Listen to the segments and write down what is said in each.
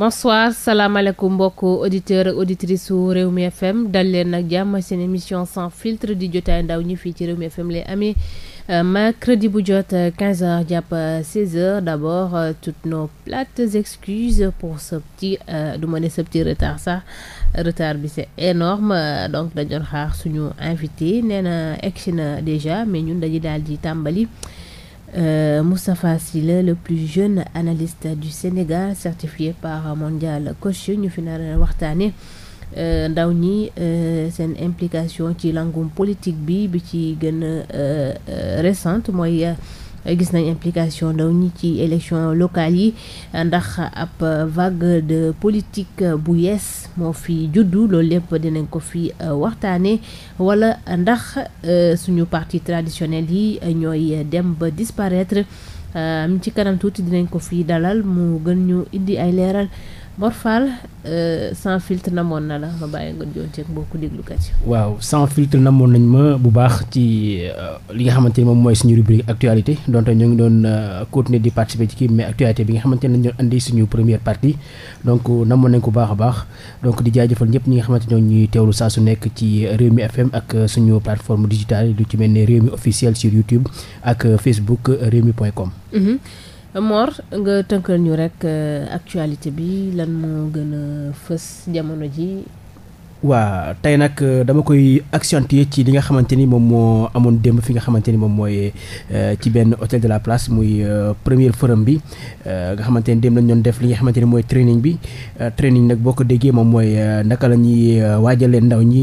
bonsoir salaamaaleykum mbokk auditeur ak auditrice su Rewmi FM dal leen nag jàmm seen émission sans filtre di jotaay ndaw ñi fii ci Rewmi FM lay amee euh, mercredi bu jot 15 euh, heures jàpp 16 euh, heures d'abord toutes nos plates excuses pour ce petit du ma ne ce petit retard sax retard bi c'est énorme donc dañu doon xaar suñu invité nee na egg na déjà mais ñun dañuy daal di tàmbali. Euh, Moustapha Sile le plus jeune analyste du Sénégal certifié par Mondial Coach ñu fi nar waxtaane euh, ndaw ñi euh, seen implication ci langum politique bi bi ci gën a euh, récente mooy Eh, gis nañ implication ndaw ñi ci élection locale yi ndax ab vague de politique bu yees moo fi juddu loolu lépp dinañ ko fi eh, waxtaane wala ndax eh, suñu partie traditionnel yi ñooy dem ba disparaître ci kanam tuuti dinañ ko fi dalal mu gën ñu indi ay leeral Mor Fall euh, sans filtre namoon na la ma bàyyi nga joon ceeg mbokku déglukat yi waaw nañ ma bu baax ci euh, li nga xamante ni moom mooy suñu rubrique actualité donte ñoo ngi doon euh, continuer di participer ci kii mais actualité bi nga xamante ne nañ doon andi suñu première partie donc namoon nañ ko baax a baax donc di jaajëfal ñëpp ñi nga xamante ñoo ñuy teewlu saa su nekk ci Rewmi FM ak suñu plateforme digitale lu ci mel ne Rewmi officiel sur YouTube ak Facebook Rewmi point com mm-hmm. Mor nga tënkal ñu rekk euh, actualité bi lan moo gën a fës jamono ji waa tey nag euh, dama koy accentuer ci li nga xamante ni moom moo amoon démb fi nga xamante ni moom mooy euh, ci benn hôtel de la place muy euh, premier forum bi nga xamante ni démb lañ doon def li nga xamante ni mooy training bi training nag boo ko déggee moom mooy naka la ñuy waajalee ndaw ñi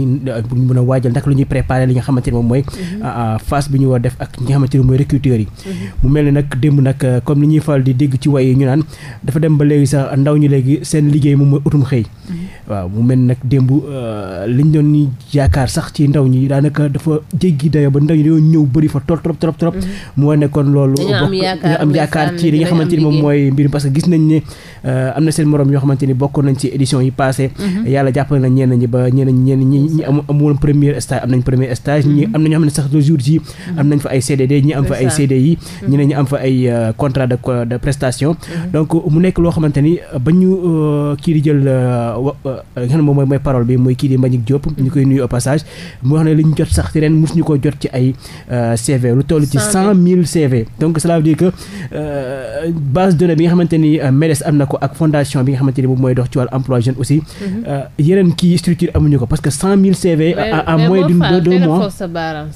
pour ñu mën a waajal naka la ñuy préparer li nga xamante ni moom mooy mhm. phase bi ñu war def ak ñi mooy recruteurs yi mhm. mu mel ni nag démb nag comme ni ñuy faral di dégg ci way ñu naan dafa dem ba léegi sax ndaw ñi léegi seen liggéey moom mooy utum xëy mhm. waaw mu mel nag démb Euh, liñ doon yaakaar sax ci ndaw ñi daanaka dafa jéggi dayo ba ndaw ñi dañoo ñëw bëri fa trop trop trop. Mhm. moo nekkoon loolu. dañoo am yaakaar ci li xamante ni moom mooy mbir stage ñi mhm. mhm. am nañ fa ay CDD ñi am fa ay CDI ñeneen ñi am fa ay euh, contrat de prestation donc mu nekk loo xamante ni ba ñu euh, kii di jël nga xam moom mooy parole bi kii di Mbagnick Diop ñu koy nuyu au passage mu wax ne li ñu jot sax ci ren mos ko jot ci ay euh, CV lu toll ci cent mille CV donc cela veut dire que euh, base de bi nga xamante ni euh, MEDES am na ko ak fondation bi nga xamante ni moom mooy dox ci wàllu emploi aussi mhm. yeneen kii structure amuñu ko parce que cent mille CV a moins de deux mois sa baaram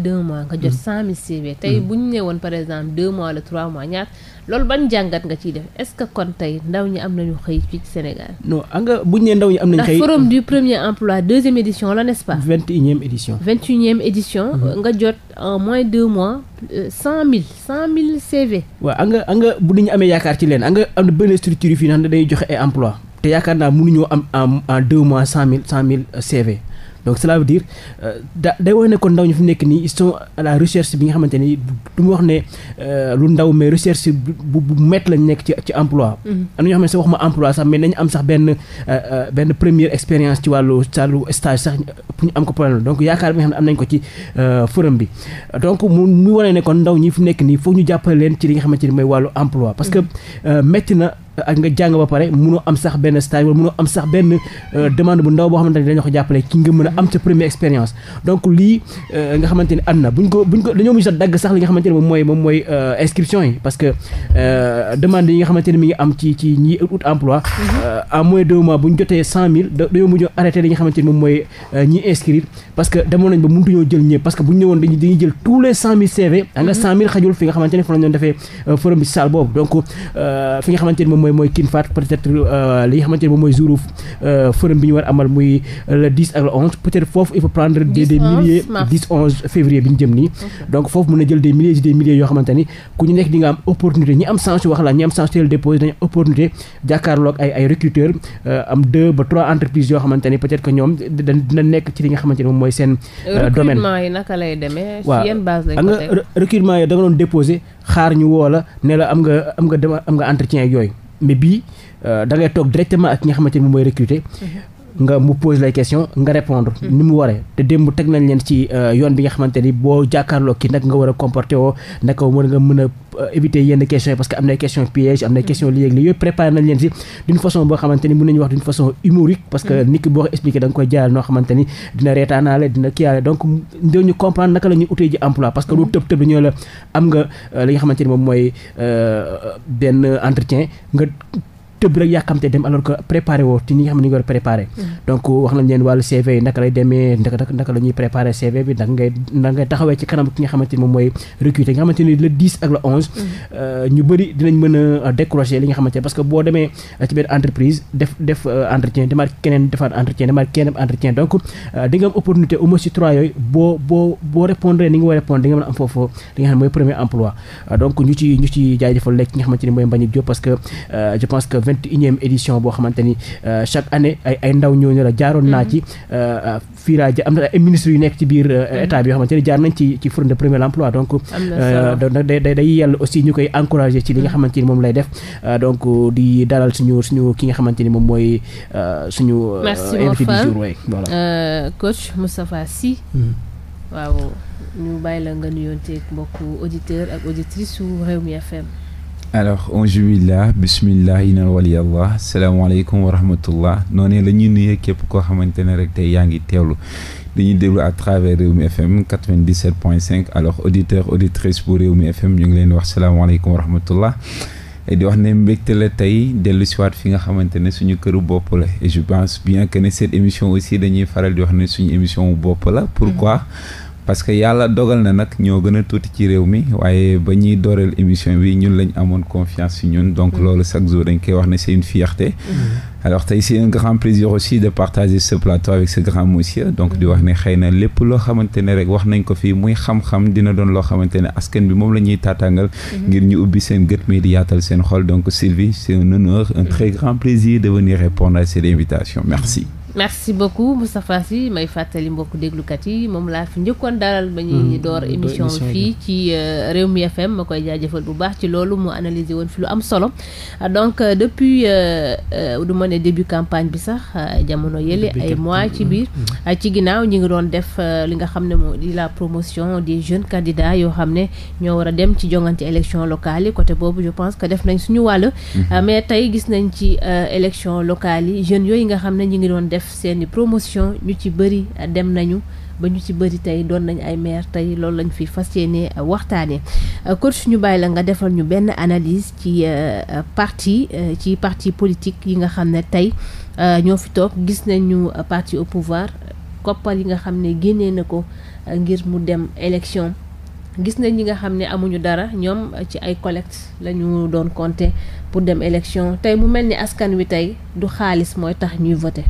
deux mois nga jot mhm. cent mille CV tey mhm. bu ñu ne woon par exemple deux mois wala trois mois ñaar loolu ban jàngat nga ciy def est-ce que kon tey ndaw ñi am nañu xëy fii Sénégal. non xam nga buñ nee ndaw ñi am nañu xëy ndax forum du premier emploi deuxième édition la n'est-ce pas. vingt et unième édition. vingt et édition. Mhm. nga jot en mois deux mois euh, cent mille cent mille cev waa xam nga xam bu nit ñu amee yaakaar ci leen xam nga am na benn structure yu fi nga xam ne dañuy joxe ay emploi te yaakaar naa mënuñoo am en deux mois cent mille cent mille euh, CV. donc cela veut dire euh, day wax ne kon ndaw ñu fi nekk nii ils sont à la recherche bi nga xamante ni du mu wax ne euh, lu ndaw mais recherche bu bu métti lañ nekk ci ci emploi mm-hmm. am na ñoo xam ne sax waxuma emploi sax mais nañu am sax benn euh, benn première expérience ci wàllu wàllu stage sax pour ñu am ko problème donc yaakaar bi nga xam ne am nañ ko ci forum bi donc mu mu wane ne kon ndaw ñi fu nekk nii foog ñu jàppale leen ci li nga xamante ni mooy wàllu emploi parce que métti mm-hmm. na ak nga jàng ba pare munoo am sax benn euh, demande bu ndaw boo xamante ne ko jàppale ki nga mën a am sa première expérience donc lii euh, nga xamante am na buñ ko dañoo mujj sax dagg sax li nga xamante moom mooy moom mooy parce que demoon nañ ba mënutuñoo jël ñëpp parce que bu ñu ñëwoon dañuy dañuy jël tous les cent mille a nga cent xajul fi nga xamante ne fa defee euh, forum bi saal boobu donc fi nga xamante moom mooy mooy mooy kin faat peut-être euh, li nga mooy jour euh, forum bi ñu war amal muy le 10 ak le 11 peut foofu il faut prendre des des milliers 10 11 février bi ñu jëm nii donc foofu mën a jël des milliers et des yoo xamante ku ñu nekk di nga am opportunité ñi am chance wax la ñi am chance teel déposé opportunité jàkkaarloog ay ay euh, am deux ba trois entreprises yoo xamante ni peut-être que ñoom dina nekk ci li nga xamante ni moom mooy seen domaine recrutement yi naka lay demee ci yan base lañ ko teg waaw recrutement yi la ne am nga am nga am nga entretien yooyu mais bii euh, da ngay toog directement ak ñi nga xamante ni moom mooy recruter. Mhm. nga mu pose les questions nga répondre hmm. ni mu waree te démb teg nañ leen ci euh, yoon bi nga xamante boo jàkkaarloo kii nag nga war a comporté woo naka war nga mën a euh, éviter yenn questions yi hmm. façon humorique parce que hmm. nit boo expliqué da koy jaaral noo xamante ni dina reetaanaale dina kiyaale donc ndew ñu comprendre naka la ñuy ji emploi parce que lu tëb tëb dañoo la am nga euh, li nga moom mooy benn entretien tëb rek yàkkamte dem alors que préparé woo ci ñi xamante ni mooy recruter nga mm-hmm. euh, euh, parce que boo mooy premier emploi euh, donc ñu ci ñu ci jaajëfal lekk ki nga xamante ni mooy Mbagnick Diop parce que je pense que vingt et unième édition boo xamante ni euh, chaque année ay ay ndaw ñooñu la jaaroon naa ci mm-hmm. euh, euh, am na ay ministres yu nekk ci biir mm-hmm. état bi yoo xamante ni jaar nañ ci ci forum de premier emploi donc ñu koy ci li nga mm-hmm. xamante ni moom lay def donc di dalal suñu suñu ki nga xamante ni moom mooy suñu invité du jour way voilà coach Moustapha Sy waaw ñu bàyyi la nga nuyoon teeg mbokku auditeur ak auditrice mi a FM alors anjubillah bismillah inan waliyallah salaamaaleykum wa rahmatullah noonu la ñuy nuyee képp koo xamante ne rek tey yaa ngi teewlu dañuy déglu à réew Rewmi FM 97.5 alors auditeurs auditrices bu mi FM ñu ngi leen wax salaamaaleykum wa rahmatullah di wax ne mbégte la tey dellu si fi nga xamante ne suñu këru bopp la et je pense bien que ne cette émission aussi dañuy faral di wax ne suñu émission bopp la pourquoi mm parce que yàlla dogal na nag ñoo gën a tuuti ci réew mi waaye ba ñuy dooreel émission bi ñun lañ amoon confiance ci ñun donc mm-hmm. loolu chaque jour dañ koy wax ne c'est une fierté mm-hmm. alors tey c'est un grand plaisir aussi de partager ce plateau avec ce grand monsieur donc di wax ne xëy na lépp loo xamante ne rek wax nañ ko fii muy xam-xam dina doon loo xamante ne askan bi moom la ñuy taataangal mm-hmm. ngir ñu ubbi seen gët mi di yaatal seen xool donc Sylvie c'est un honneur un très grand plaisir de venir répondre à cette merci beaucoup mustapha si may fàttali mbokk déglukat yi moom laa fi njëkkoon dalal ba ñuy hmm, door émission bi fii ci euh, Rewmi FM ma koy jaajëfal bu baax ci loolu mu analyser woon fi lu am solo donc euh, depuis euh, du ma ne début campagne bi sax jamono yële ay mois ci biir hmm, hmm. ci ginnaaw ñu ngi doon def li nga xam ne moo di la promotion des jeunes candidats yoo xam ne ñoo war a dem ci jongante élection locale yi côté boobu je pense que def nañ suñu wàll mais tey gis nañ ci élection locale yi jeunes yooyu nga xam ne ñi ngi doon def seeni promotion ñu ci bëri dem nañu ba ñu ci bëri tey doon nañ ay maire tey loolu lañ fi fas yéene waxtaanee coach suñu bàyyi la nga defal ñu benn analise ci euh, parti euh, ci parti politique yi nga xam ne tey euh, ñoo fi toog gis nañu parti au pouvoir koppar yi nga xam ne génnee na ko ngir mu dem élection gis nañ ñi nga xam ne amuñu dara ñoom ci ay collecte la ñu doon compter pour dem élection tey mu mel ni askan wi tey du xaalis mooy tax ñuy voter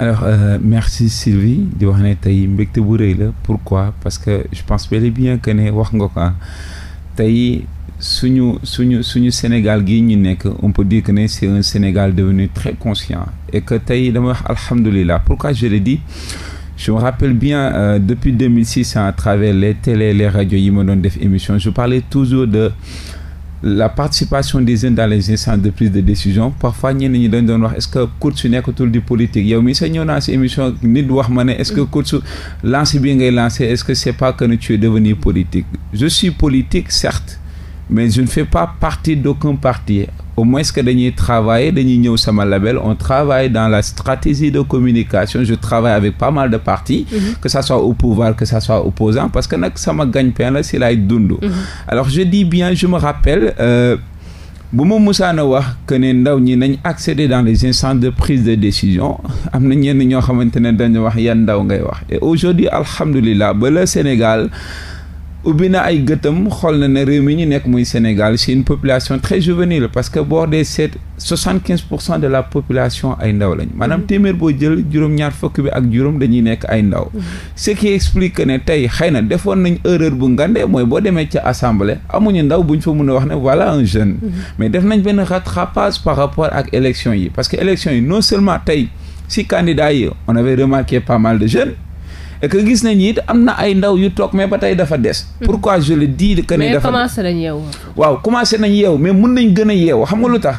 alors euh, merci Sylvie di wax ne tey mbégte bu rëy la pourquoi parce que je pense bel et bien que ne wax nga ko ah. tey suñu suñu suñu Sénégal gii ñu nekk on peut dire que ne c'est un Sénégal devenu très conscient et que tey dama wax alhamdulilah pourquoi je le dis je me rappelle bien euh, depuis 2006 à travers les télé les radios yi ma doon def émission je parlais toujours de la participation des jeunes dans les de prise de décision parfois ñenn ñi dañ doon est-ce que coach nekkatul di politique yow mi sa ñëw naa si émission nit wax ma ne est-ce que mm. coach lancé bi ngay lancé est-ce que c'est pas que ne tu es devenu politique je suis politique certes mais je ne fais pas partie d'aucun parti au moins que dañuy travailler dañuy ñëw la label on travaille dans la stratégie de communication je travaille avec pas mal de partis mm -hmm. que ça soit au pouvoir que ça soit opposant parce que nag sama gagne-pain la si laay dund mm-hmm. alors je dis bien je me rappelle euh, bu ma musaana wax que ne ndaw ñi nañ accéder dans les instances de prise de décision am na ñenn ñoo xamante ne dañu wax yan ndaw ngay wax et aujourd'hui alhamdulillah ba le Sénégal ubbi na ay gëtam xool na ne réew mi ñu nekk muy Sénégal c'est une population très juvénile parce que boo dee seet soixante quinze pour cent de la population ay ndaw lañ maanaam mm-hmm. téeméer boo jël juróom-ñaar fukk bi ak juróom dañuy nekk ay ndaw mm-hmm. ce qui explique ne tey xëy na defoon nañ erreur bu ngandee mooy boo demee ca assemblée amuñu ndaw buñ fa mun a wax ne wala un jeune mm-hmm. mais def nañ benn rattrapage par rapport ak élection yi parce que élection yi non seulement tey si candidat yi on de jeunes et gis nañ it am na ay ndaw yu toog mais ba tey dafa des. Hmm. pour je le dis que ne dafa commencé nañ yeewu. waaw commencé nañ yeewu mais mun nañ gën a yeewu xam nga lu tax.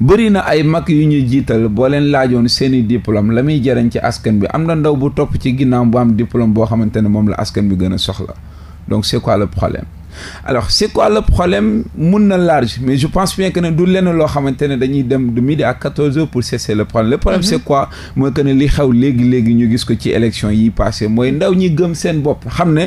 bëri na ay mag yu ñu jiital boo leen laajoon seeni diplôme la muy jëriñ ci askan bi am na ndaw bu topp ci ginnaaw bu am diplôme boo xamante ne moom la askan bi gën a soxla donc c'est quoi le problème. alors c'est quoi le problème mun na large mais je pense bien que ne du lenn loo xamante ne dañuy dem de midi à quatorze heures pour cesser le problème le problème c'est mhm. quoi mooy que ne li xew léegi-léegi ñu gis ko ci élection yi passé mooy ndaw ñi gëm seen bopp xam ne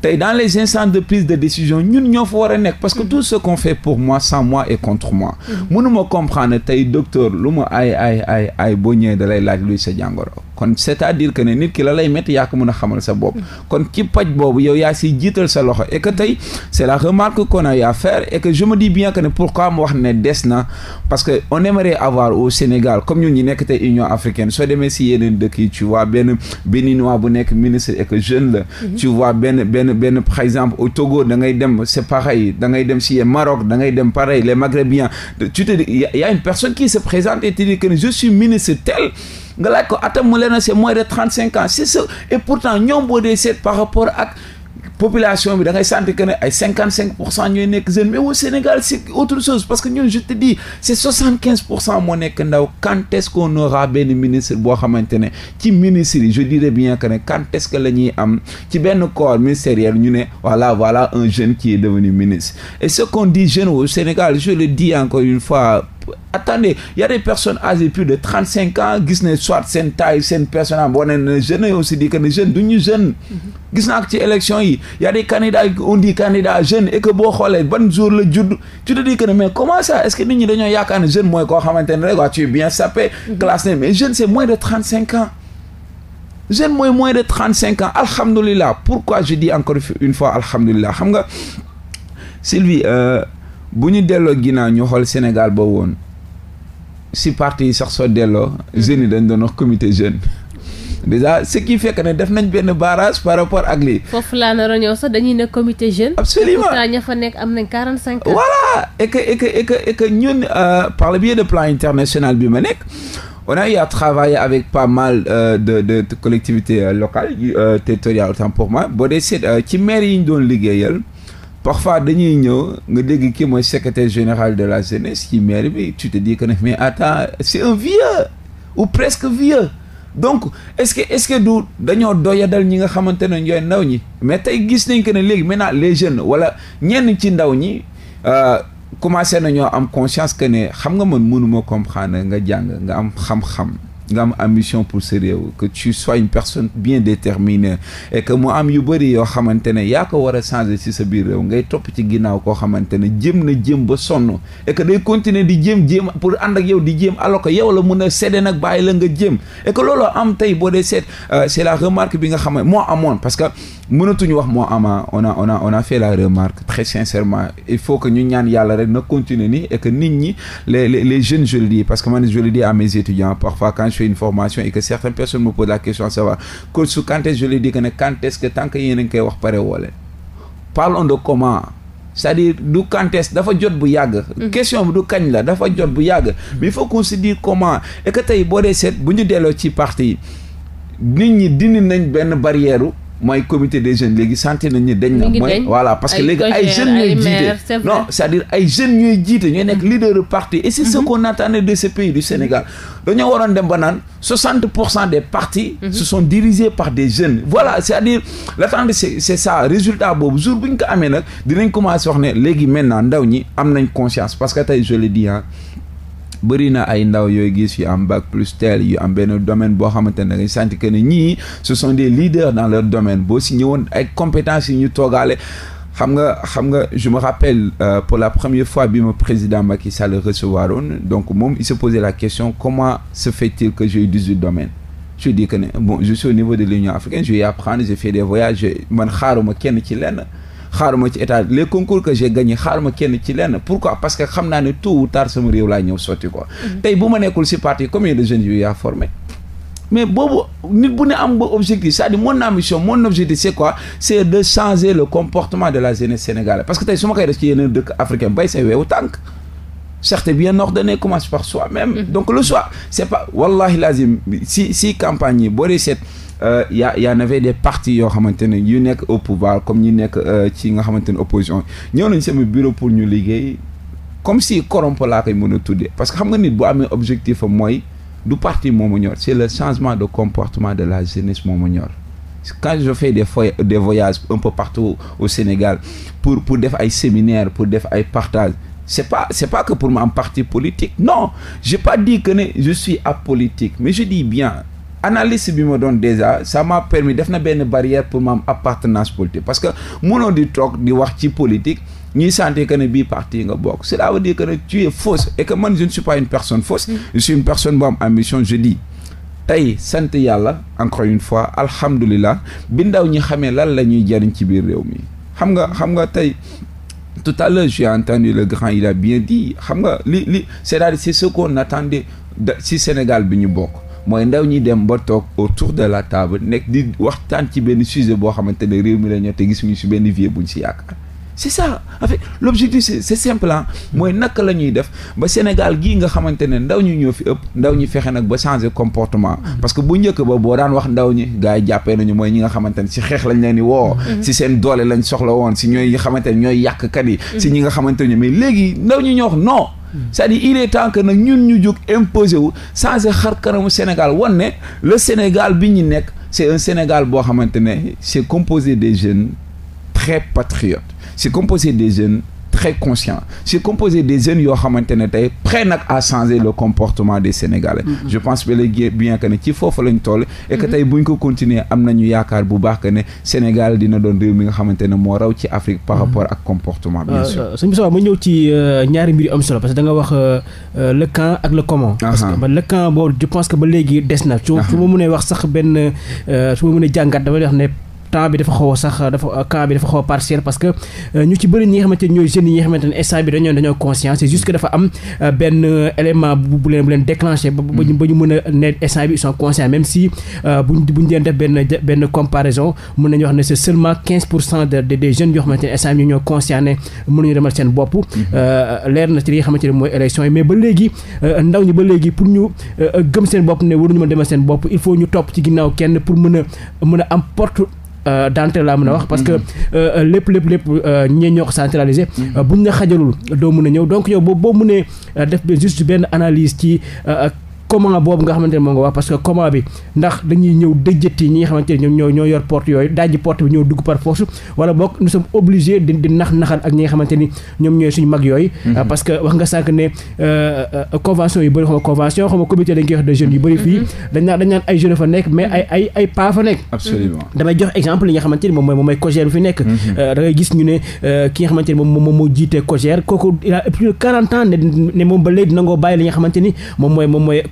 tey dans les instances de prise de décision ñun ñoo fa war a nekk parce que mhm. tout ce qu'on fait pour moi sans moi et contre moi mhm. mënuma comprendre tey docteur lu ma ay ay ay ay boo ñëwee dalay laaj luy jàngoro kon c'est-à-dire que ne nit ki la lay métti yaa ko mën a xamal sa bopp kon ci paj boobu yow yaa siy jiital sa loxo et que tey c'est la remarque qu'on a eu à faire et que je me dis bien que ne pourquoi mu wax ne des na pare que on aimerait au Sénégal comme ñun ñi nekk tey Union africaine soo demee si yeneen dëkk yi tu vois nekk ministre jeune la mhm. tu vois benn benn benn exemple au Togo da ngay dem c'est da ngay dem si Maroc da ngay dem pareil le Maghrébiens tu te dis y a une personne qui se présente te dit que je ministre tel nga laaj ko atam mu leen c'est moins de trente cinq ans c'est ça et pourtant ñoom boo dee par rapport ak population bi da ngay sentir que ne ay cinquante cinq pour cent ñooy nekk jeune mais au Sénégal c'est autre chose parce que ne je te dis c'est soixante quinze pour cent moo nekk ndaw quand est-ce qu'on aura ministre boo xamante ne ci ministre yi je dirais bien que ne quand est am ci benn corps ministériel ñu ne voilà voilà un jeune ci est devenu ministre et ce qu'on dit jeune fois attendez y a des personnes âgées plus de trente cinq ans gis ne soit seen taille seen personnage boo nee ne jeunes yi aussi jeune du ñu jeune. gis naa ko ci élection yi y a des candidats on dit candidat jeune et boo xoolee ban jour la judd tu te dis que mais comment ça est ce que nit ñi dañoo yaakaar ne jeune mooy koo xamante ne rek waa tu es bien sapé. classe ne mais jeune c' est moins de trente cinq ans. jeune mooy moins de trente cinq ans alhamdulilah pourquoi une fois alhamdulilah xam nga euh, bu ñu delloo ginnaaw ñu xool Sénégal ba woon si parti yi sax soo delloo mm. jeunes yi dañ doon wax comité jeune déjà ce qui fait que ne def nañ benn barrage par rapport ak lii. foofu laa nar a ñëw sax dañuy ne comité jeune. absolument ña fa nekk am nañ quarante cinq ans. voilà et que et que et ñun euh, par le de plan international bi ma nekk. on a eu à avec pas mal euh, de, de collectivité locale euh, locales euh, territoriales autant boo dee seet euh, ci maire yi ñu doon liggéeyal. parfois dañuy ñëw nga dégg kii mooy secrétaire général de la jeunesse ci maire bi tu te dis que ne mais attends c'est un vieux ou presque vieux donc est-ce que est-ce que du dañoo doyadal ñi nga xamante ne ñooy ndaw ñi mais tey gis nañ que ne léegi maintenant les jeunes wala ñenn ci ndaw ñi euh, commencé nañoo am conscience que ne xam nga man mënuma comprendre nga jàng nga am xam-xam nga am ambition pour sa réew que tu sois une personne bien déterminée et que mu am yu bëri yoo xamante ne yaa ko war a changé si sa biir réew ngay topp ci ginnaaw koo xamante ne jéem na jéem ba sonn et que day continuer di jéem jéem pour ànd ak yow di jéem alors que yow la mun a seddee nag bàyyi la nga jéem et que am tey boo dee seet euh, c'est la remarque bi nga xam moo amoon parce que. mënatuñu wax moo ama on a on a on a fait la remarque très sincèrement il faut que ñu ñaan yàlla rek na continuer ni et nit ñi les les les jeunes le dis parce que man je le dis à parfois que certaines personnes me posent la question à savoir que su quand est-ce je le dis ne quand est-ce que tant a ngi wax pare woole parlons de comment cest à du contexte dafa jot bu yàgg. Mhm. question bi du kañ la dafa jot bu yàgg. mais il faut qu'on se dise comment et que tey boo dee seet bu ñu delloo ci parti nit ñi dindi nañ benn barrière mooy comité des jeunes léegi santé nañ ni dañ na mooy voilà parce que léegi ay jeunes ñooy jiite non c'est-à-dire ay jeunes ñooy nekk mm-hmm. leader de parti et c'est ce mm-hmm. qu'on attendait de ce pays du Sénégal dañoo waroon dem ba naan soixante pour cent des partis mm-hmm. se sont dirigés par des jeunes voilà c'est-à-dire l'attente c'est c'est ça résultat boobu jour bu ñu ko amee nag dinañ commencé wax ne léegi maintenant ndaw ñi am nañ conscience parce que tey je le dis bëri na ay ndaw yooyu gis yu am bac plus tel yu am benn domaine boo xamante ne dañuy sentir que ne ñii ce sont des leaders dans leur domaine boo si ñëwoon ay compétences yi ñu toogaale xam nga xam nga je me rappelle euh, pour la première fois bi ma président Macky Sall recevoir woon donc moom il se posait la question comment se fait-il que j'ai 18 domaines je dis que ne bon je suis au niveau de l'Union africaine je vais apprendre j'ai fait des voyages man xaaruma kenn ci lenn xaaruma ci état les concours que j'ai gagné xaaruma kenn ci lenn pour pourquoi parce que xam naa ne tôt ou tard sama réew laa ñëw sotti ko mm-hmm. tey bu ma nekkul si parti combien de jeunes yu yaa formé mais boobu nit bu ne am ba objectif c'est-à-dire mission ambition mon objectif c'est quoi c'est de changer le comportement de la jeunesse sénégalaise parce que tey su ma koy def ci yeneen dëkk africain bay say weewu tànk certes bien ordonné commence par soi-même mm-hmm. donc le choix c'est pas wallahi lazim si si campagne boo dee seet Euh, y a y en avait des yoo xamante ne yu nekk au pouvoir comme ñu nekk euh, ci nga xamante ne opposition ñëw nañ sama bureau pour ñu liggéey comme si corrompre laa koy mën a tuddee parce que xam nga nit bu amee objectif am mooy du parti moo ñor c'est le changement de comportement de la jeunesse moo ma ñor quand je fais des foy des voyages un peu partout au Sénégal pour pour def ay séminaires pour def ay partage c'est pas c'est pas que pour ma am parti politique non j'ai pas dit que ne je suis apolitique mais je dis bien analise bi ma doon déjà ça m'a permis def na benn barrière pour ma am appartenance politique parce que mënoo di toog di wax ci politique ñuy sentir que ne bii partie nga bokk si veut dire que ne es fausse et que man je ne suis pas une personne fausse mm. je suis une personne bu am ambition je dis tey sant yàlla encore une fois alhamdulilah bi ndaw ñi xamee lan la ñuy jariñ ci biir réew mi xam nga xam nga tey tout à l'heure j'ai entendu le grand il bien dit xam nga li li c'est-à-dire c'est si Sénégal bi ñu bokk mooy ndaw ñi dem ba toog autour de la taable nekk di waxtaan ci benn sujet boo xamante ne réew mi la ñoo te gisuñu si benn vie buñ si yaakaar c'est ça en fait l'objectif c'est mooy naka la ñuy def ba Sénégal gii nga xamante ne ndaw ñu ñoo fi ëpp ndaw ñi fexe nag ba changer comportement parce que bu njëkk ba boo daan wax ndaw ñi gars jàppee nañu mooy ñi nga xamante ne si xeex lañ leen di woo mm-hmm. si seen doole lañ soxla woon si ñooy xamante ne ñooy yàqkat yi mm-hmm. si ñi nga xamante ne mais léegi ndaw ñi ñoo wax c'est-à-dire il est temps que nag ñun ñu jóg imposé wu changé xar kanamu Sénégal wan ne le Sénégal bi ñu nekk c'est un Sénégal boo xamante ne c'est composé des jeunes très patriotes c'est composé des jeunes très conscient c'est composé des jeunes yoo xamante ne tey prêt nag à changer le comportement des Sénégalais mm je pense que bien que ne ci foofu lañ toll et que mm-hmm. tey buñ ko continuer am nañu yaakaar bu baax que ne Sénégal dina doon réew mi nga xamante ne moo raw ci Afrique par mm-hmm. rapport ak comportement bien euh, sûr euh, sëñ ñëw ci euh, ñaari mbir yu am parce que nga wax le quand ak le comment parce que ba le quand boobu je que ba léegi des na su ma mënee wax sax benn su ma a jàngat dafay wax ne temps bi dafa xaw sax dafa cas bi dafa xaw a partiel parce que euh, ñu ci bëri ñi nga xamante ñooy jeunes yi nga xamante ne instant bi dañoo dañoo conscience c'est juste que dafa am euh, benn euh, élément bu ba ñu ba mën a ne instant bi ils si buñ buñ leen def benn benn comparaison mën nañu wax ne c'est seulement pour cent de des jeunes yoo xamante ne instant bi ñoo conscient ne mënuñu demal seen bopp leer na ci li nga xamante ne mooy élection yi mais ba léegi ndaw ñi ba léegi pour ñu gëm seen bopp ne waruñu mën demal seen bopp il faut ñu topp ci ginnaaw kenn pour mën a mën a am porte Euh, Dantec laa mën a wax. parce que euh, lépp lépp lépp euh, ñee ñoo ko centralisé. Mm-hmm. buñ la xajalul doo mën a ñëw donc yow boo boo mënee def juste benn analyse ci. comment boobu nga xamante ne moo nga wax parce que comment bi ndax dañuy ñëw dëjjati ñi nga xamante ne ñoom ñoo ñoo yor porte yooyu dajji porte bi ñoo dugg par force wala boog nous sommes obligés di di nax naxal ak ñi nga xamante ni ñoom ñooy suñu mag yooyu mm-hmm. euh, parce que wax nga sànq ne euh, euh, convention yu bëri xama convention xama comité dañ koy wax de jeunes yu bëri fii mm-hmm. dañ naan dañ naan ay jeunes fa nekk mais mm-hmm. ay ay ay paa fa nekk absolument damay jox exemple li nga xamante ni moom mooy moom mooy COJER bi fi nekk da ngay gis ñu ne ki nga xamante ni moom moom moo jiitee COJER kooku il a plus de 40 ans ne moom ba léegi nangoo bàyyi li nga xamante ni moom mooy moom mooy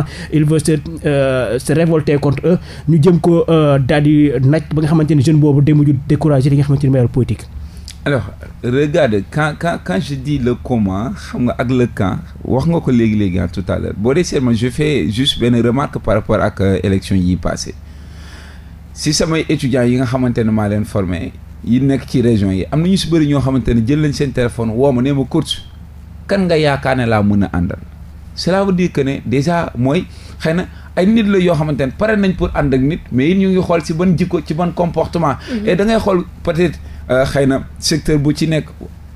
temps il veut se euh, se révolter contre eux ñu jëm ko euh, daal di naj ba nga xamante ni jeune boobu day mujj découragé li nga xamante ni mooy politique. alors regarde quand quand le comment xam nga ak le quand wax nga ko léegi léegi ah boo dee seetlu je fais juste benn remarque par rapport ak euh, élection yi passé si samay étudiants yi nga xamante ne maa leen formé yi nekk ci région yi am na ñu si bëri ñoo xamante ne jël nañ seen téléphone woo ma nee ma coach kan nga yaakaar ne laa mën a àndal cela veut dire que ne déjà mooy xëy na ay nit la yoo xamante ne pare nañ pour ànd ak nit mais it ñu ngi xool ci ban jikko ci ban comportement. Mhm. et da ngay xool peut-être euh, xëy na secteur bu ci nekk.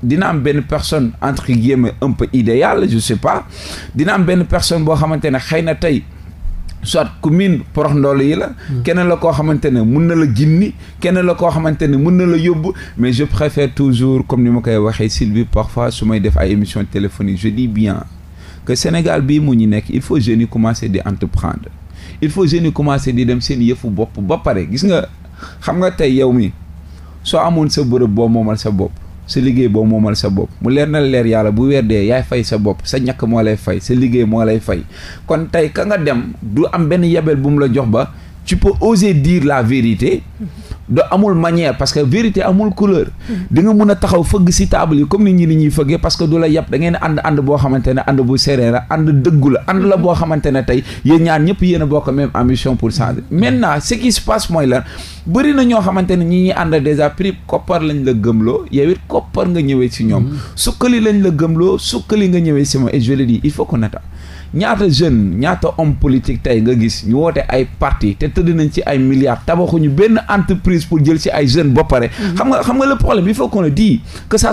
dina am benn personne entre guillemets un peu idéale je sais pas dina am benn personne boo xamante ne xëy na tey soit commune miin porox ndool yi la mhm. keneen la koo xamante ne mun na la ginni kenn la koo xamante ne mun na la yóbbu mais je préfère toujours comme ni ma koy waxee Sylvie parfois su may def émission téléphonique je bien que Sénégal bii mu ñu nekk il faut jeunes yi di entreprendre il faut jeunes yi di dem seen yëfu bopp ba pare gis nga xam nga tey yow mi soo amoon sa bërëb boo moomal sa bopp sa liggéey boo moomal sa bopp mu leer na leer yàlla bu weer dee yaay fay sa bopp sa ñàkk moo lay fay sa liggéey moo lay fay kon tey ka nga dem du am benn yebel bu mu la jox ba tu peux oser dire la vérité da amul manière parce que vérité amul couleur di nga mun a taxaw fëgg si table yi comme ni ñi ni ñuy fëggee parce que du la yàpp da ngeen ànd ànd boo xamante ne ànd bu serré la ànd dëggu la ànd la boo xamante ne tey yéen ñaan ñëpp yéen a bokk même ambition pour changer maintenant ce qui se passe mooy lan bëri na ñoo xamante ne ñi ñuy ànd déjà prix koppar lañ la gëmloo yow it koppar nga ñëwee si ñoom mm-hmm. sukkali lañ la gëmloo sukkali nga ñëwee si moom et je le dis il faut ñaata jeune ñaata homme politique tey nga gis ñu woote ay parti te tëdd nañ ci ay milliards tabaxuñu benn entreprise pour jël ci ay jeunes boppare mhm. xam nga xam nga le problème il faut qu'on le dise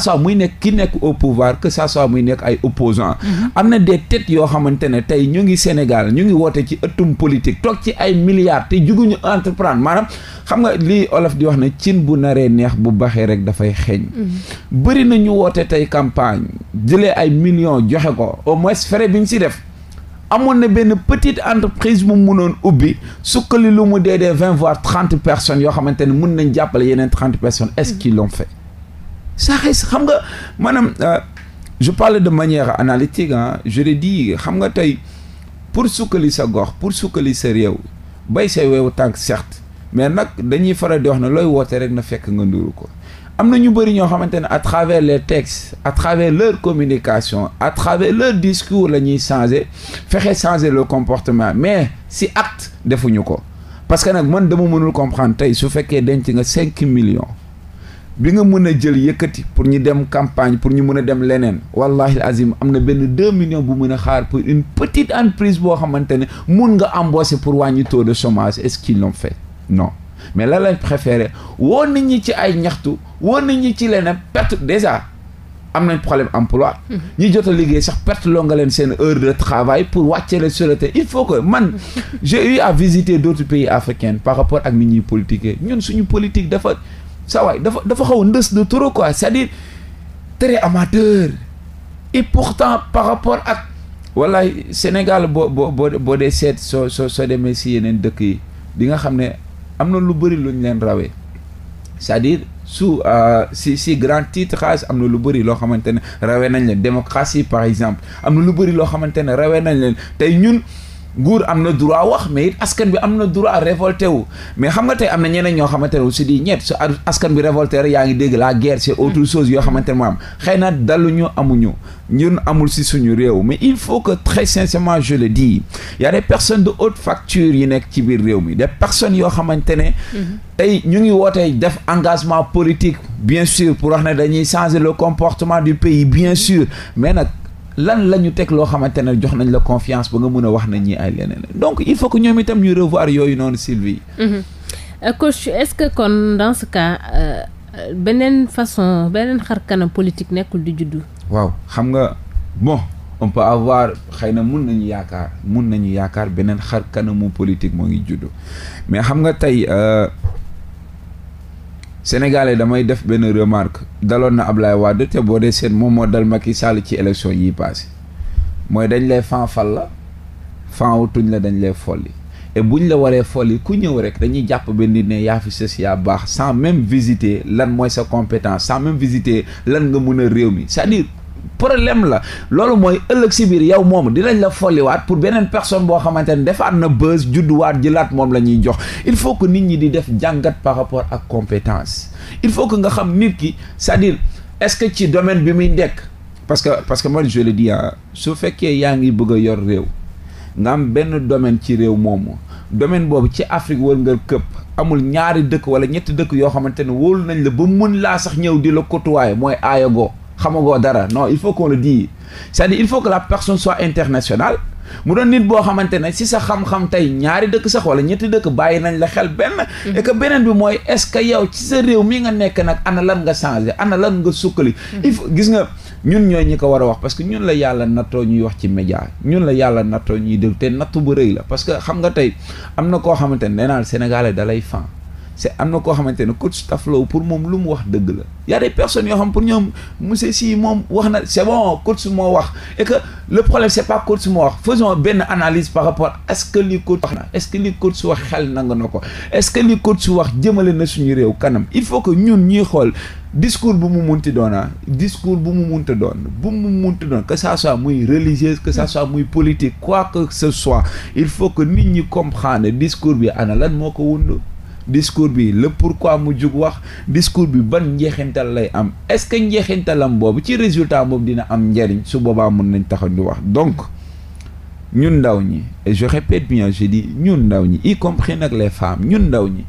soit muy nekk ki nekk au pouvoir que ça soit muy nekk ay opposants mhm. am na des têtes yoo xamante ne tey ñu ngi Sénégal ñu ngi woote ci ëttum politique toog ci ay milliards te juguñu entreprendre maanaam xam nga lii olof di wax ne cin bu naree neex bu baxee rek dafay xeeñ. Mhm. bëri na ñu woote tey campagne jëlee ay millions joxe ko au moins frais bi si def. amoon na benn petite entreprise mu mënoon ubbi sukkali lu mu dee dee vingt voire trente personnes yoo xamante ne mun nañ jàppale yeneen trente personnes est-ce qu'ils l'ont fait xam nga maanaam euh, je parle de manière analytique ah je l'ai dit xam nga tey pour sukkali sa gox pour sukkali sa réew bay say wewu tànk certes mais nag dañuy faral di wax ne looy woote rek na fekk nga nduru ko am na ñu bëri ñoo xamante ne à travers les textes à travers leur communication à travers leur discours la ñuy changer fexe changé le comportement mais si acte defuñu ko parce que nag man dama mënul comprendre tey su fekkee denc nga cinq millions bi nga mën a jël yëkkati pour ñu dem campagne pour ñu mën a dem leneen wallahi azim am na benn deux millions bu mën a xaar pour une petite entreprise boo xamante ne mun nga embaucher pour wàññi taux de chômage est-ce qu'ils l'ont non mais lan lañ préféré woo nit ñi ci ay ñaxtu woo nit ñi ci leneen perte déjà am nañ problème emploi ñi jot a liggéey sax perte loo leen seen heure de travail pour wàccee leen sûreté il faut que man j'ai eu à visiter d'autres pays africains par rapport ak nit ñuy politiquer ñun suñu politique dafa sa dafa dafa xaw ndës de trop quoi c'est-à-dire très amateur et pourtant par rapport ak wallaay Sénégal boo boo boo boo dee seet soo soo soo demee si yeneen dëkk yi di nga xam ne am na lu bëri lu ñu leen rawee c'est-à-dire su euh, si si grand titre xaalis am na lu bëri loo xamante ne rawee nañ leen démocratie par exemple am na lu bëri loo xamante ne rawee nañ leen tey ñun. nguur am na droit wax mais it askan bi am na droit révolté wu mais xam nga tey am na ñeneen ñoo xamante ne aussi di ñett su askan bi révolté rek yaa ngi dégg la guerre c'est autre hmm. chose yoo xamante ne moo am xëy na daluñu amuñu ñun amul si suñu réew mais il faut que très sincèrement je le di y a des personnes de haute facture yi nekk ci biir réew mi des personnes yoo xamante ne hmm. tey ñu ngi woote def engagement politique bien sûr pour wax ne dañuy changer le comportement du bien sûr mais nag lan la ñu teg loo xamante ne jox nañ la confiance ba nga mun a wax nañ ñi ay leneen donc il faut que ñoom itam ñu revoir yooyu noonu Sylvie. Mhm. Euh, coach est-ce que kon dans ce euh, beneen façon beneen xar kanam politique nekkul di juddu. waaw xam nga bon on peut avoir xëy na mun nañu yaakaar mun nañu yaakaar beneen xar kanamu politique moo ngi juddu mais xam nga tey. Euh, sénégalais damay def benn remarque daloon na ab Ablaye Wade te boo dee seen moom moo dal Macky Sall ci élection yi passé mooy dañu lay fan fal la fan wutuñ la dañ lay folli et buñ la waree folli ku ñëw rek dañuy jàpp benn nit ne yaa fi sës yaa baax san même visiter lan mooy sa compétence sans même visiter lan nga mun a réew mi cest à pour problème la loolu mooy ëllëg si biir yow moom dinañ la folliwaat pour beneen personne boo xamante ne defaat na buzz judduwaat jëlaat moom la ñuy jox il faut que nit ñi di def jàngat par rapport ak compétence il faut que nga xam nit ki cest à est-ce que ci domaine bi muy nekk parce que parce que moi je le dis ah su fekkee yaa ngi bëgg a yor réew nga am benn domaine ci réew moomu domaine boobu ci Afrique wër nga këpp amul ñaari dëkk wala ñetti dëkk yoo xamante ne wóolu nañ la ba mun laa sax ñëw di la côtoyer mooy aayagoo xamagoo dara non il faut qu'on le dise cest à il faut que la personne soit international mu doon nit boo xamante ne si sa xam-xam tey ñaari dëkk sax wala ñetti dëkk bàyyi nañ la xel benn mhm. et beneen bi mooy est-ce que yow ci sa réew mi nga nekk nag ana lan nga changé ana lan nga sukkali mhm. il faut gis nga ñun ñooy ñu ko war a wax parce que ñun la yàlla nattoo ñuy wax ci média ñun la yàlla nattoo ñuy déglu te nattu bu rëy la parce que xam nga tey am na koo xamante ne nee naan Sénégalais da lay fan c'est am na koo xamante ne coach Taflo pour moom lu mu wax dëgg la y a des personnes yoo xam pour ñoom monsieur si moom wax na c'est bon coach moo wax et que le problème c'est pas coach moo wax faisons benn analyse par rapport est que li coach wax na est-ce que li coach na ko est-ce que li coach wax jëmale na suñu réew kanam il faut que ñun ñuy xool discours bu mu munti doona ah, discours bu mu munti doon bu mu munti doon que ça soit muy religieuse que ça soit muy politique quoi que ce soit il faut que nit ñi comprendre discours bi ana lan moo ko wund discours bi le pourquoi mu jug wax discours bi ban njeexintal lay am est-ce que njeexintalam boobu ci résultat boobu dina am njariñ su boobaa mun nañ taxaw di wax donc ñun ndaw ñi et je répète bien je dis ñun ndaw ñi y compris nag les femmes ñun ndaw ñi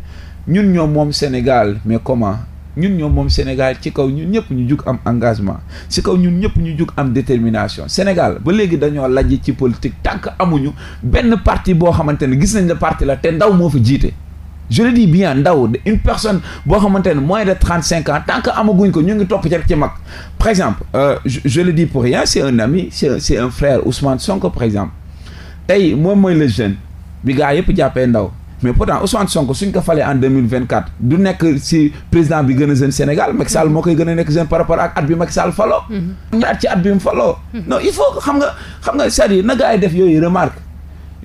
ñun ñoom moom Sénégal mais comment ñun ñoom moom Sénégal ci kaw ñun ñëpp ñu jug am engagement ci kaw ñun ñëpp ñu jug am détermination Sénégal ba léegi dañoo lajj ci politique tànk amuñu benn parti boo xamante ne gis nañ la parti la te ndaw moo fa jiite je di bi bien ndaw une personne boo xamante ne moins de trente cinq ans tant que amaguñ ko ñu ngi topp ci rek ci mag par exemple euh, je, je le dis pour rien c'est un ami c'est un frère Ousmane Sonko par exemple tey moom mooy le jeune bi gaa yëpp jàppee ndaw mais pourtant Ousmane Sonko suñ ko falee en deux vingt quatre du nekk si président bi gën a jeune Sénégal Macky Sall moo koy gën a nekk jeune par rapport ak at ma Macky Sall faloo ñaar mm-hmm. at bi mu faloo mm-hmm. non il faut xam nga xam nga c'est-à-dire na gaa yi def yooyu remarque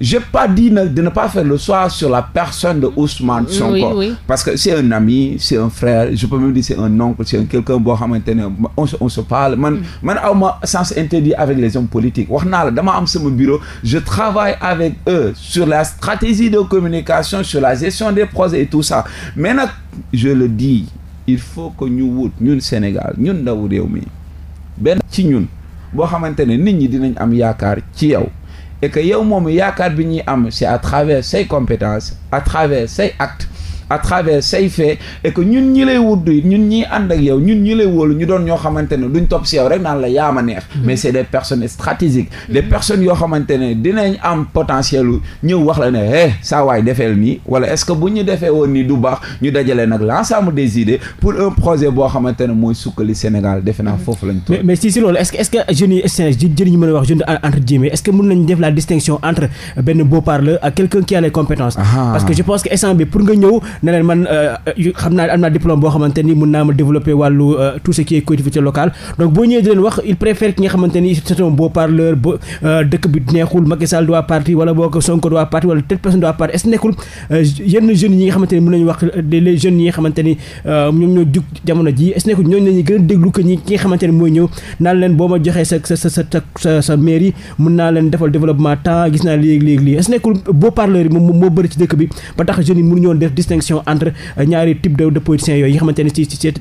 j'ai pas dit nag de ne pas faire le choix sur la personne de Ousmane Sonko. Oui, parce que c'est un ami c'est un frère je peux même c'est un oncle c'est un quelqu'un boo xamante ne on se on se parle man mm. man aw ma sens interdit avec les hommes politiques wax naa la dama am sama bureau je travaille avec eux sur la stratégie de communication sur la gestion des projets et tout ça mais nag je le dis il faut que ñu wut ñun Sénégal ñun ndaw réew mi benn ci ñun boo xamante ne nit ñi dinañ am yaakaar ci yow. et que yow moom yaakaar bi ñuy am c'est à travers say compétences à travers say actes à travers say faits et ñun ñi lay wudd ñun ñiy ànd ak yow ñun ñi lay woolu ñu doon ñoo xamante ne duñ topp si yow rek naan la yaa ma neex mm-hmm. mais c'est des personnes stratégiques des mm-hmm. personnes yoo xamante ne dinañ am potentiel lu ñëw wax la ne eh saa waay nii wala est-ce ñu woon nii du baax ñu dajale nag l'ensemble des idées pour un projet boo xamante mooy sukkali Sénégal defe naa mm-hmm. foofu lañ toll mais si si loolu est-ce est-ce que jeunes yi jeunes a wax jeunes entre guillemets est-ce que mën nañ def la distinction entre benn beau-parleur ne leen man euh, xam naa am naa diplôme boo xamante ni mën naa ma développer wàllu euh, tout ce qui est collectivité locale donc boo ñëwee di leen ni c'est un beau parleur ba euh, dëkk wala boo ko Sonko doit partir wala telle personne nga xamante ni mën nañu wax les jeunes yi nga ji est-ce gën a déglu ki nga xamante ni mooy ñëw naan leen boo ma joxee sa sa sa sa sa sa defal développement temps gis naa léegi léegi lii est-ce nekkul beau parleur yi moom moo bëri ci dëkk bi ba tax jeunes yi mënu ñoon def distinction compétition entre euh, ñaari type de de politiciens yooyu nga xamante ne ci ci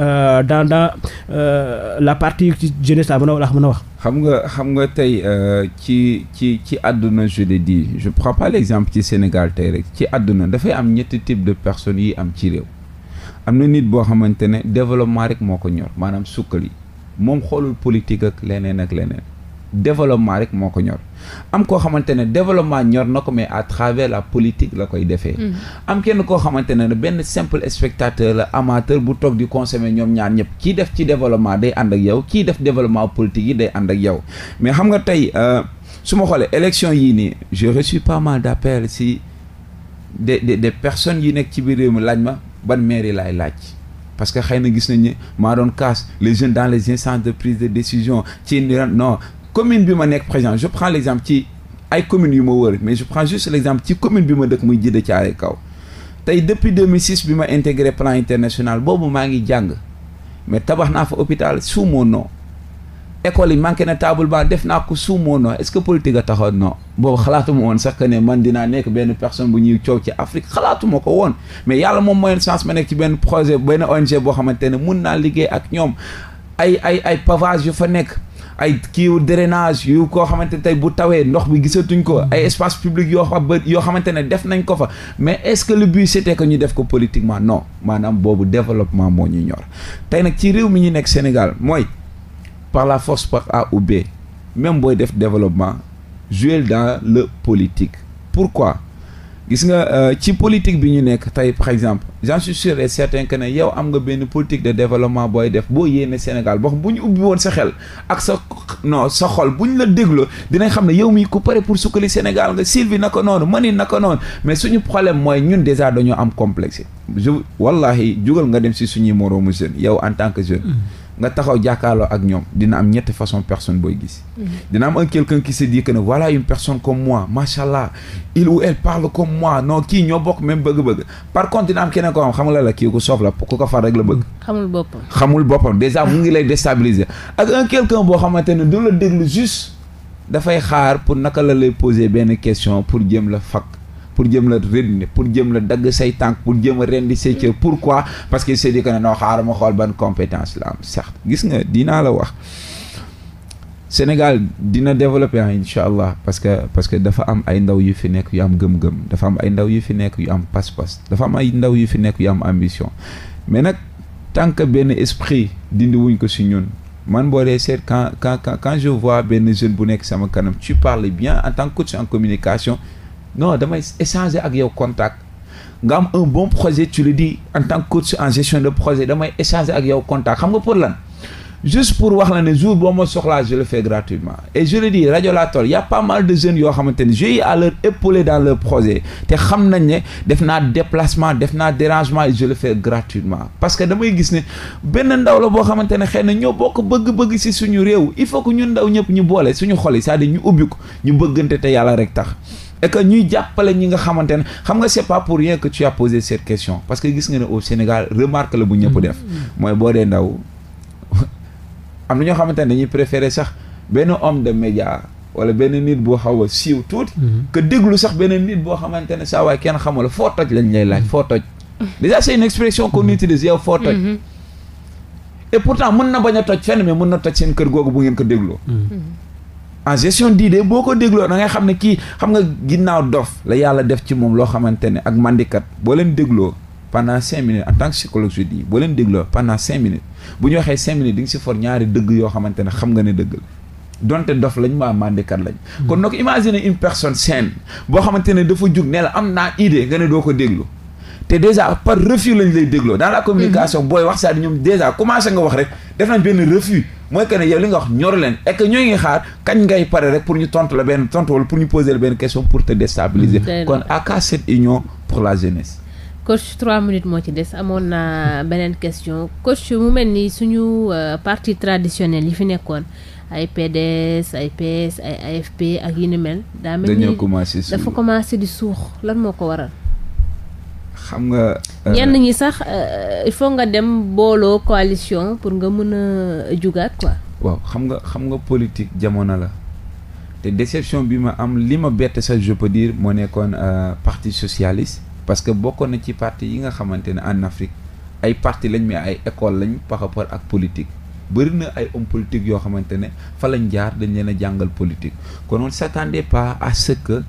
euh, dans dans euh, la partie jeunesse la mën a wax mën a wax. xam nga xam nga tey ci ci ci àdduna je l'ai dit je prends pas l'exemple ci Sénégal rek ci àdduna dafay am ñetti type de personnes yi am ci réew. am na nit boo xamante ne développement rek moo ko ñor maanaam sukkali moom xoolul politique ak leneen ak leneen développement rek moo ko ñor. am koo xamante ne développement ñor na ko mais à travers la politique la koy defee mm. am kenn koo xamante ne benn simple spectateur la amateur bu toog di consommer ñoom ñaar ñëpp kii def ci développement day ànd ak yow kii def développement politique yi day ànd ak yow mais xam nga tey euh, su ma xoolee élection yii nii j'ai reçu pas mal d'appels si de des des personnes yi nekk ci biir réew mi laaj ma ban mairie laay laaj parce que xëy na gis nañu maa doon casse les jeunes dans les instances de prise de décision ci non commune bi ma nekk présent je prends l' exemple ci ay communes yu ma wër mais je prends juste l' exemple ci commune bi ma dëkk muy Djiddah Thiaroye Kaw tey depuis bi ma intégré plan international boobu maa ngi jàng mais tabax naa fa hôpital sous mon nom école yi manqué na table ba def naa ko sous mon nom est ce que politique a taxoon non boobu xalaatuma woon sax que ne man dinaa nekk benn personne bu ñuy coow ci Afrique xalaatuma ko woon mais yàlla moom mooy chance ma nekk ci benn projet benn ONG boo xamante ne mun naa liggéey ak ñoom ay ay ay pavage yu fa nekk ay kiiw drainage yu koo xamante tey bu tawee ndox bi gisatuñ ko ay espace public yoo xam yoo xamante ne def nañ ko fa mais est-ce que le but c'était que ñu def ko politiquement non maanaam boobu développement moo ñu ñor tey nag ci réew mi ñu nekk Sénégal mooy par la force par A ou B même booy def développement jouer dans le politique pourquoi gis nga euh, ci politique bi ñu nekk tey par exemple j'en suis sûr et certain ne yow am nga benn politique de développement booy def boo yéene Sénégal boo bu ñu ubbi woon sa xel ak sa non sa xol bu ñu la déglu dinañ xam ne yow mii ku pare pour sukkali Sénégal nga Sylvie naka noonu mani naka noonu mais suñu problème mooy ñun déjà dañoo am complexe je wallahi jugal nga dem si suñuy moroomu jeune yow en tant que jeune mm. nga taxaw jàkkaarloo ak ñoom dina am ñetti façon personne booy gis. Mm-hmm. dina am un quelqu'un qui se dit que ne voilà une personne comme moi macha allah il ou elle parle comme moi non kii ñoo bokk même bëgg-bëgg par contre dina am keneen koo xam xam la kii ku soof la ku ko far rek la bëgg. Mm-hmm. xamul boppam xamul boppam déjà mu ngi lay déstabiliser ak un quelqu'un boo xamante ne du la déglu juste dafay xaar pour naka la lay poser benn question pour jëm la fakk. pour jëm la pour jëm dagg say tànk pour jëm a rendi say cër pourquoi parce que c'est dit que ne noo xaaral ma xool ban compétence la am certes gis nga dinaa la wax Sénégal dina développé ah allah parce que parce que dafa am ay ndaw yu fi nekk yu am gëm-gëm dafa am ay ndaw yu fi nekk yu am pas-pas dafa am ay ndaw yu fi nekk yu am ambition mais nag tant que benn esprit dindi wuñ ko si ñun man boo dee seet quand quand quand je vois benn jeune bu nekk sama kanam tu parles bien en tant que coach en communication. non damay échanger ak yow contact nga am un bon projet tu le dis en tant que coach en gestion de projet damay échanger ak yow contact xam nga pour lan juste pour wax la ne jour boo ma soxlaa je le fais gratuitement et je le dis rajo a pas mal de jeunes yoo xamante ne je suis à leur épaulé projet te xam nañ ne def naa déplacement def naa dérangement et je le gratuitement parce que damay gis ne benn ndaw la boo xamante ne xëy na ñoo bokk bëgg-bëgg si suñu réew il faut que ñun ndaw ñëpp ñu boole suñu xol yi cest ñu ubbi ko ñu bëggante te yàlla rek tax. et ñuy jàppale ñi nga xamante ne xam nga c'est pas pour rien que tu as posé cette question parce que gis nga ne au Sénégal remarque la bu ñëpp def mm. mooy boo dee ndaw am na ñoo xamante ne dañuy préférer sax benn homme de média wala benn nit boo xaw a siiw tuuti mm-hmm. que déglu sax benn nit boo xamante ne saa waaye kenn xamul foo toj lañ lay laaj foo toj mm-hmm. déjà c'est une expression qu'on mm-hmm. utilise yow foo toj et pourtant mën na bañ a toj fenn mais mën na toj seen kër googu bu ngeen ko dégloo en gestion de boo ko dégloo da xam ne kii xam nga ginnaaw dof la yàlla def ci moom loo xamante ne ak mandikat boo leen dégloo pendant cinq minutes en tant que psychologue je boo leen dégloo pendant cinq minutes bu ñu waxee cinq minutes di nga si for ñaari dëgg yoo xamante ne xam nga ne dëgg la donte dof lañ maa mandikat lañ hmm. kon nag imagine une personne saine boo xamante ne dafa jug ne am naa idée nga ne doo ko déglu te déjà par refus lañ lay dégloo dans a communication mhm. booy wax saa di ñoom déjà commencé nga wax rek def nañ benn refus mooy que ne li nga wax ñor leen et que ñoo ngi xaar kañ ngay pare rek pour ñu tontu la benn tontu wala pour ñu poser la benn question pour te déstabiliser kon aka cette union pour la jeunesse coach trois minutes moo ci des amoon na beneen question coach mu mel ni suñu euh, parti traditionnel yi fi nekkoon ay PDS ay PS ay AFP ak yi ni daa mel ni dafa commencé di suux lan moo ko waral xam nga. Euh, ñenn ñi sax euh, il faut nga dem mbooloo coalition pour nga mën a jugaat quoi. waaw xam nga xam nga politique jamono la te déception bi ma am li ma bett sax je peux dire moo nekkoon euh, parti socialiste parce que bokkoon na ci partie yi nga xamante ne en Afrique ay parti lañ mais ay école lañ par rapport ak politique bëri na ay homme politique yoo xamante ne fa lañ jaar dañ leen a jàngal politique kon on s'attendait pas à ce que.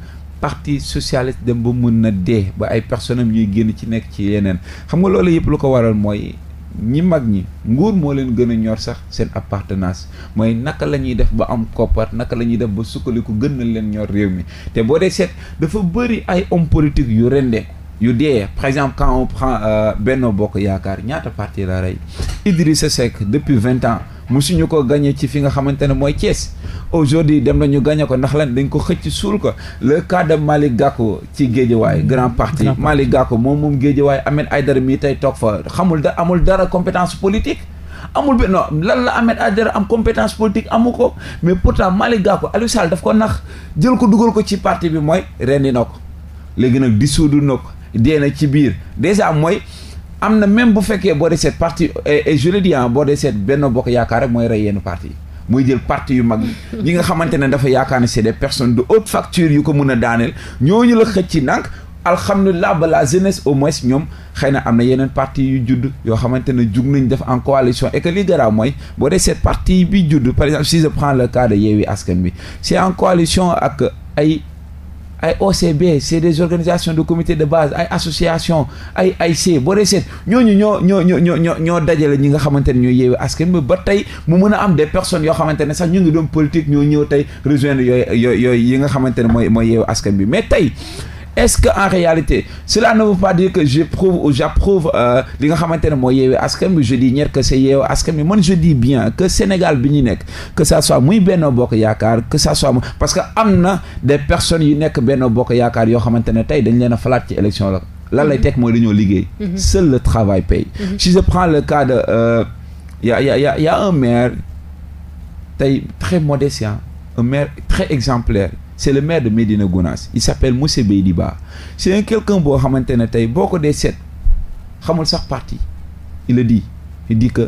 parti socialiste dem ba mën na dee ba ay personnes am ñuy génn ci nekk ci yeneen xam nga loolu yëpp lu ko waral mooy ñi mag ñi nguur moo leen gën a ñor sax seen appartenance mooy naka la ñuy def ba am koppar naka la ñuy def ba sukkaliku gën na leen ñor réew mi te boo dee seet dafa bëri ay hommes politiques yu rende yu dee par exemple quand on prend euh, Benno Bokk Yaakaar ñaata parti la rey Idrissa Seck depuis vingt ans mu suñu ko gagné ci fi nga xamante ne mooy Thiès aujourd'hui dem nañu gagné ko ndax lan dañ ko xëcc suul ko le cas de Malick Gakou ci waaye grand parti Malick Gakou moom moom waaye Guédiawaye ay Aïdara mii tey toog fa xamul da amul dara compétence politique amul benn non lan la Ahmed Aïdara am compétence politique amu ko mais pourtant Malick Gakou Aliou Sall daf ko nax jël ko dugal ko ci parti bi mooy rendi na ko léegi nag di dissoudre na ko dee na ci biir déjà mooy am na même bu fekkee boo dee seet parti et je le boo dee seet Benno Bokk Yaakaar rek mooy rey yenn parti mooy jël parti yu mag ñi nga xamante ne dafa yaakaar ne c'est des personne de haute facture yu ko mun a daaneel ñooñu la xëcc ci ndànk alhamdulilah ba la jeunesse au moins ñoom xëy na am na yeneen parti yu judd yoo xamante ne jug nañu def en coalition et que li mooy boo dee seet parti bi judd par exemple si je prends le cas de Yewwi Askan Wi c'est en coalition ak ay ay OCB c'est des organisations de comité de base ay association ay ay C boo dee ñooñu ñoo ñoo ñu ñoo ñoo ñoo dajale ñi nga xamante ne ñoo yeewee askan bi ba tey mu mën a am des personnes yoo xamante ne sax ñu ngi doon politique ñoo ñëw tey rejoindre yoo yooyu yi nga xamante ne mooy mooy yeewee askan bi mais tey est-ce que en réalité cela ne veut pas dire que j'approuve euh, li nga xamante ne mooy yeewee askan bi je dis ñett que c'est yeewee askan bi man je dis bien que Sénégal bi ñu nekk que ça soit muy Benno Bokk Yaakaar que ça soit parce que am na des personnes yu nekk Benno Bokk Yaakaar yoo xamante ne tey dañ leen a falaat ci élection la lan lay mhm. teg mooy dañoo liggéey mhm. seul le travail paye mhm. si je prends le cas de euh, un maire tey très modeste un maire très c' est le maire de Médina Gounass il s' appelle Moussé Beydiba c' est quelqu'un boo xamante ne tey boo ko dee seet xamul sax parti il a dit il dit que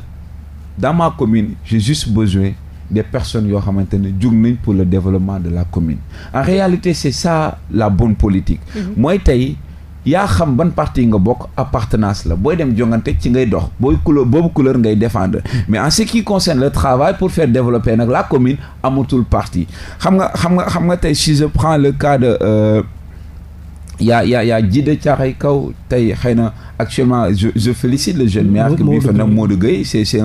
dans ma commune j'ai juste besoin des personnes yoo xamante ne jug nañ pour le développement de la commune en réalité c' ça la bonne politique mhm. mooy tey yaa xam ban parti nga bokk appartenance la booy dem jongante ci ngay dox booy couleur boobu couleur ngay défendre mais en ce qui concerne le travail pour faire développer nag la commune amatul parti xam nga xam nga xam nga tey si je prends le cas euh, yaa yaa yaa jiite caaxay kaw tey xëy na actuellement je je félicite le jeune maire bi fa nag Modou Gueye c'est c'est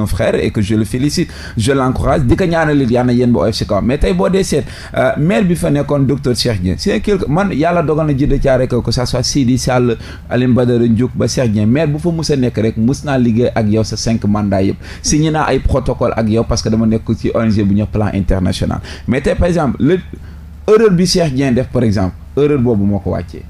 mais tey boo dee seet euh, maire fa nekkoon docteur Cheikh Dieng c'est quelque man yàlla dogal na jiite caaxay kaw que ça soit Sidi Sall Alioune Badara Ndiouk ba Cheikh Dieng maire bu fa mus a nekk rek mus naa liggéey ak yow sa cinq mandats yëpp signé naa ay protocol ak yow parce que dama nekk ci ONG bu ñu plan international mais tey par exemple le erreur bi Cheikh Dieng def par exemple erreur boobu moo ko wàccee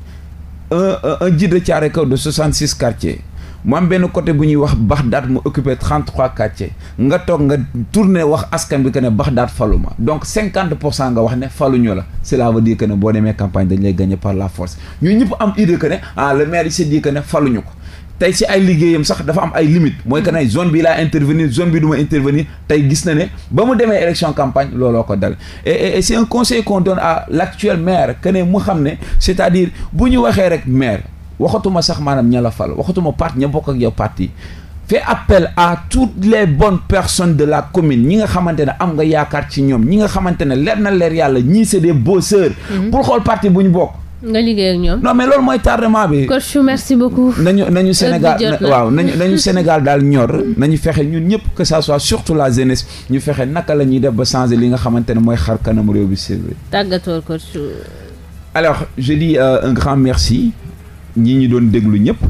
un un de Thiaroye Kaw de 66 quartiers mu benn côté bu ñuy wax Baxdaat mu occupé 33 quartiers nga toog nga tourné wax askan bi que ne Baxdaat falu ma donc 50 pour cent nga wax ne faluñu la cela veut dire que ne boo demee campagne dañ lay gagné par la force ñun ñëpp am idée que ne ah le maire il s'est ne faluñu ko. tey si ay liggéeyam sax dafa am ay limite mooy que ne mm-hmm. zone bi laa intervenir zone bi duma ma intervenir tey gis na ne ba mu demee élection campagne looloo ko dal et et c' un conseil qu'on donne à l' actuel maire que mu xam ne c' est à dire bu ñu waxee rek maire waxatuma sax maanaam ña la fal waxatuma parti ña bokk ak yow parti fait appel à toutes les bonnes personnes de la commune ñi nga xamante ne am nga yaakaar ci ñoom ñi nga xamante ne leer na leer yàlla ñii c'est des bosseurs mm-hmm. pour parti bu ñu bokk nga liggéey ak mais loolu mooy tardement bi. coach merci beaucoup. nañu nañu Sénégal waaw nañu nañu Sénégal daal ñor. nañu fexe ñun ñëpp que ça soit surtout la jeunesse ñu fexe naka la ñuy def ba changer li nga xamante ne mooy xar kanam réew bi si biir. tàggatool coach. alors je dis euh, merci ñi ñu doon déglu ñëpp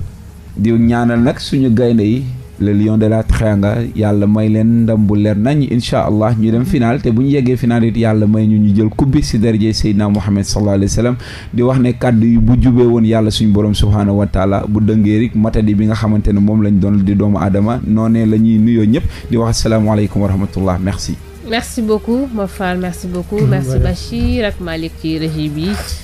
di ñaanal nag suñu gaynde yi. le lion de la Teranga yàlla may ndam bu leer nañ incha allah ñu dem final te bu yeggee final it yàlla may ñu ñu jël coupe bi si derje Seydina Mohamed sallallahu wa sallam di wax ne kàddu yi bu jubee woon yàlla suñu borom subhaanahu wa taala bu dëngee rek matadi bi nga xamante ne moom lañ doon di doomu aadama noonee la ñuy nuyoo ñëpp di wax asalaamaaleykum wa rahmatullah merci. merci beaucoup Mofal merci beaucoup. Mmh, merci Bachir ak Malick ci régie bi.